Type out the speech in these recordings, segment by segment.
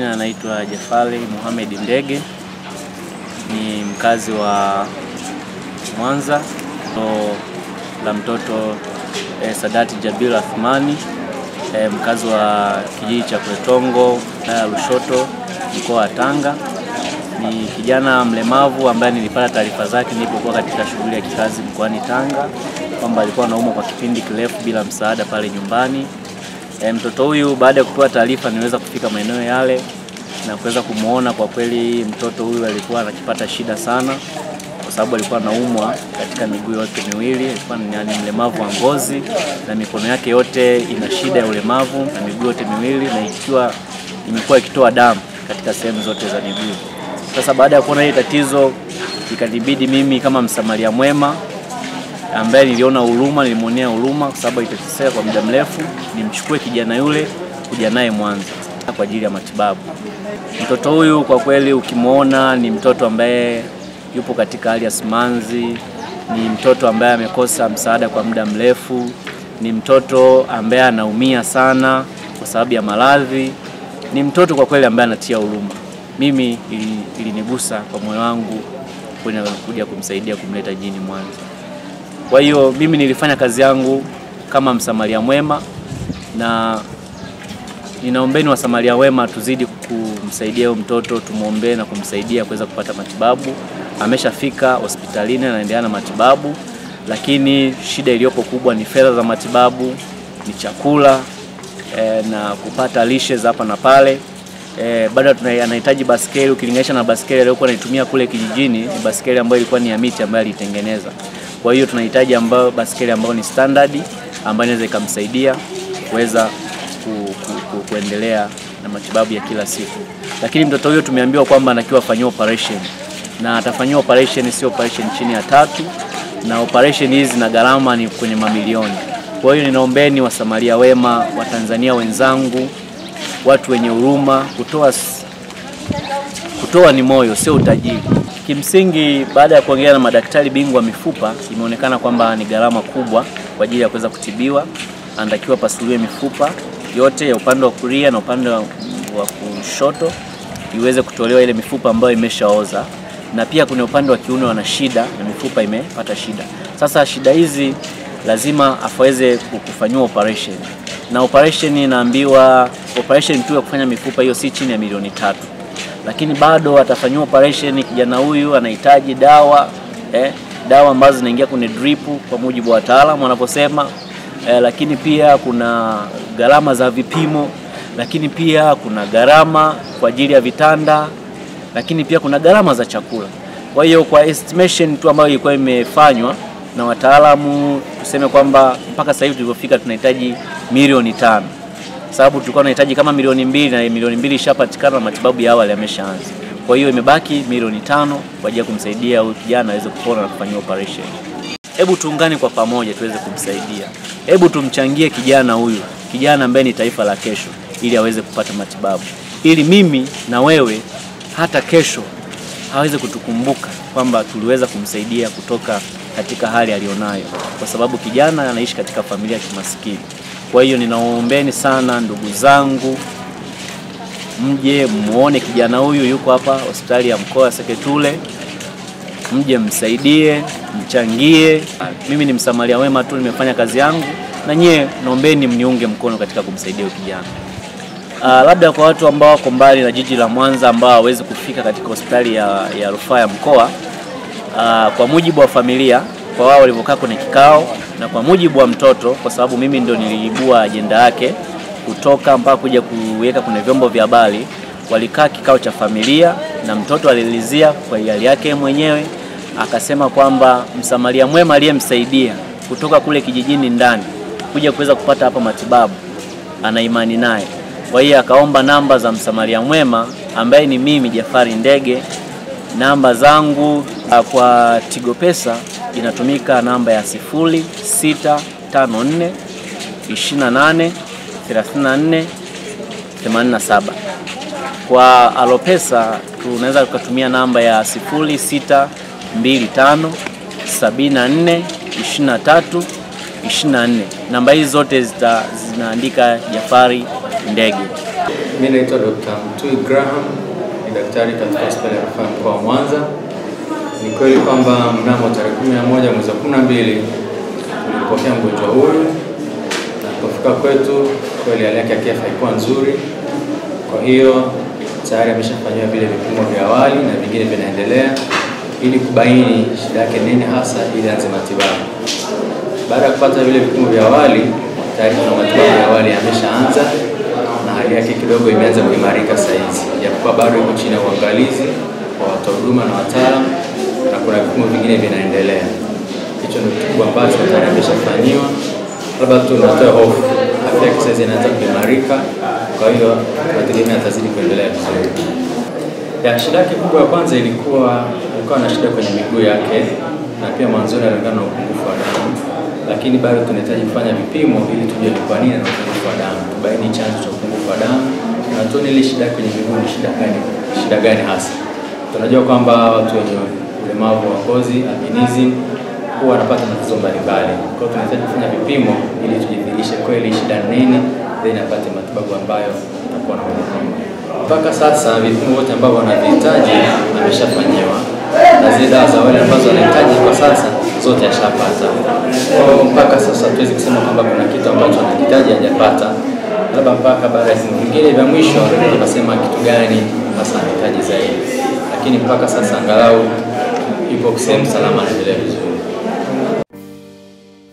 majina anaitwa Jafari Mohamed Ndege, ni mkazi wa Mwanza la mtoto eh, Sadati Jabil Athmani eh, mkazi wa kijiji cha Kwetongo wilaya ya Lushoto mkoa wa Tanga. Ni kijana mlemavu ambaye nilipata taarifa zake nilipokuwa katika shughuli ya kikazi mkoani Tanga kwamba alikuwa anaumwa kwa kipindi kirefu bila msaada pale nyumbani. E, mtoto huyu baada ya kupewa taarifa niweza kufika maeneo yale na kuweza kumwona. Kwa kweli mtoto huyu alikuwa anakipata shida sana, kwa sababu alikuwa anaumwa katika miguu yote miwili, alikuwa ni mlemavu wa ngozi na mikono yake yote ina shida ya ulemavu na miguu yote miwili, na ikiwa imekuwa ikitoa damu katika sehemu zote za miguu. Sasa baada ya kuona hili tatizo, ikanibidi mimi kama msamaria mwema ambaye niliona huruma, nilimwonea huruma kwa sababu itateseka kwa muda mrefu, nimchukue kijana yule kuja naye Mwanza kwa ajili ya matibabu. Mtoto huyu kwa kweli, ukimwona ni mtoto ambaye yupo katika hali ya simanzi, ni mtoto ambaye amekosa msaada kwa muda mrefu, ni mtoto ambaye anaumia sana kwa sababu ya maradhi, ni mtoto kwa kweli ambaye anatia huruma. Mimi ilinigusa ili kwa moyo wangu kuja kumsaidia kumleta jini Mwanza. Kwa hiyo mimi nilifanya kazi yangu kama msamaria mwema, na ninaombeni wasamaria wema tuzidi kumsaidia huyo mtoto, tumwombee na kumsaidia kuweza kupata matibabu. Ameshafika hospitalini anaendelea na matibabu, lakini shida iliyopo kubwa ni fedha za matibabu, ni chakula e, na kupata lishe za hapa na pale. E, bado anahitaji baskeli. Ukilinganisha na baskeli aliyokuwa anaitumia kule kijijini, ni baskeli ambayo ilikuwa ni ya miti ambayo alitengeneza. Kwa hiyo tunahitaji ambayo baskeli ambayo ni standard ambayo inaweza ikamsaidia kuweza ku, ku, ku, kuendelea na matibabu ya kila siku. Lakini mtoto huyo tumeambiwa kwamba anakiwa afanyiwa operation na atafanyiwa operation, sio operation chini ya tatu, na operation hizi na gharama ni kwenye mamilioni. Kwa hiyo ninaombeni wasamaria wema, Watanzania wenzangu, watu wenye huruma kutoa kutoa ni moyo, sio utajiri. Kimsingi, baada ya kuongea na madaktari bingwa mifupa, imeonekana kwamba ni gharama kubwa kwa ajili ya kuweza kutibiwa. Anatakiwa pasuliwe mifupa yote ya upande wa kulia na upande wa kushoto iweze kutolewa ile mifupa ambayo imeshaoza, na pia kuna upande wa kiuno wana shida na mifupa imepata shida. Sasa shida hizi lazima afaweze kufanyiwa operation, na operation inaambiwa operation tu ya kufanya mifupa hiyo si chini ya milioni tatu lakini bado atafanyiwa operation. Kijana huyu anahitaji dawa eh, dawa ambazo zinaingia kwenye drip kwa mujibu wa wataalamu wanaposema eh, lakini pia kuna gharama za vipimo, lakini pia kuna gharama kwa ajili ya vitanda, lakini pia kuna gharama za chakula. Kwa hiyo kwa estimation tu ambayo ilikuwa imefanywa na wataalamu, tuseme kwamba mpaka sasa hivi tulivyofika tunahitaji milioni tano sababu tulikuwa tunahitaji kama milioni mbili na milioni mbili ishapatikana na matibabu ya awali yameshaanza. Kwa hiyo imebaki milioni tano kwa ajili ya kumsaidia huyu kijana aweze kupona na kufanyiwa operation. Hebu tuungane kwa pamoja tuweze kumsaidia, hebu tumchangie kijana huyu, kijana ambaye ni taifa la kesho, ili aweze kupata matibabu, ili mimi na wewe hata kesho aweze kutukumbuka kwamba tuliweza kumsaidia kutoka katika hali aliyonayo, kwa sababu kijana anaishi katika familia ya kimaskini. Kwa hiyo ninaombeni sana ndugu zangu, mje muone kijana huyu yuko hapa hospitali ya mkoa Seketule, mje msaidie, mchangie. Mimi ni msamaria wema tu, nimefanya kazi yangu, na nyie naombeni mniunge mkono katika kumsaidia huyu kijana. Uh, labda kwa watu ambao wako mbali na jiji la Mwanza ambao hawezi kufika katika hospitali ya, ya rufaa ya mkoa uh, kwa mujibu wa familia, kwa wao walivyokaa kwenye kikao na kwa mujibu wa mtoto, kwa sababu mimi ndo niliibua ajenda yake kutoka mpaka kuja kuweka kwenye vyombo vya habari, walikaa kikao cha familia na mtoto alilizia kwa hali yake mwenyewe, akasema kwamba msamaria mwema aliyemsaidia kutoka kule kijijini ndani kuja kuweza kupata hapa matibabu, ana imani naye. Kwa hiyo akaomba namba za msamaria mwema ambaye ni mimi Jafari Ndege, namba zangu ah, kwa Tigo Pesa inatumika namba ya 0654 Kwa Alopesa tunaweza tukatumia namba ya 0625742324. Namba hizi zote zita, zinaandika Jafari Ndege. Mimi naitwa Dr. Mtui Graham, ni daktari katika hospitali ya rufaa mkoa wa Mwanza. Ni kweli kwamba mnamo tarehe kumi na moja mwezi wa kumi na mbili tulipokea mgonjwa huyu, na kufika kwetu kweli hali yake ya kiafya haikuwa nzuri, kwa hiyo tayari ameshafanyiwa vile vipimo vya awali na vingine vinaendelea ili kubaini shida yake nini hasa ili anze matibabu. Baada ya kupata vile vipimo vya awali, tayari kuna matibabu ya awali yameshaanza na hali yake kidogo imeanza kuimarika saizi, japokuwa bado iko chini ya uangalizi wa watoa huduma na wataalamu na kuna vipimo vingine vinaendelea. Hicho ndio kikubwa ambacho tayari ameshafanyiwa, labda tu natoa hofu, afya yake sasa inaanza kuimarika, kwa hiyo tunategemea atazidi kuendelea vizuri. Ya shida yake kubwa ya kwanza ilikuwa alikuwa na shida kwenye miguu yake, na pia mwanzoni alikuwa na upungufu wa damu, lakini bado tunahitaji kufanya vipimo ili tujue ni kwa nini ana upungufu wa damu, tubaini chanzo cha upungufu wa damu na tuone ile shida kwenye miguu ni shida gani, shida gani hasa. Tunajua kwamba watu wenye ulemavu wa ngozi, albinism, huwa anapata matatizo mbalimbali. Kwa hiyo tunahitaji kufanya vipimo ili tujidhihirishe kweli shida ni nini, then apate matibabu ambayo atakuwa na uwezo. Mpaka sasa vipimo vyote ambavyo wanavihitaji ameshafanyiwa na zile dawa za wale ambazo wanahitaji kwa sasa zote ashapata. Kwa hiyo mpaka sasa tuwezi kusema kwamba kuna kitu ambacho anahitaji hajapata, labda mpaka baada ya vingine vya mwisho tunasema kitu gani hasa anahitaji zaidi, lakini mpaka sasa angalau iko sehemu salama, anaendelea vizuri.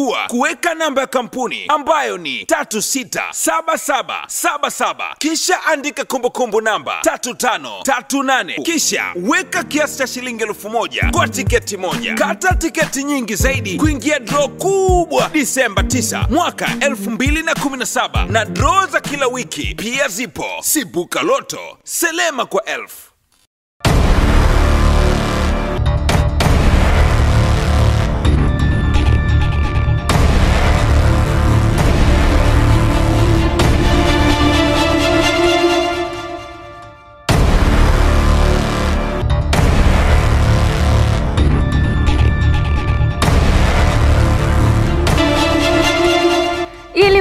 chagua kuweka namba ya kampuni ambayo ni 367777 kisha andika kumbukumbu namba 3538 kisha weka kiasi cha shilingi 1000 kwa tiketi moja kata tiketi nyingi zaidi kuingia dro kubwa disemba 9 mwaka 2017 na, na dro za kila wiki pia zipo sibuka loto selema kwa elfu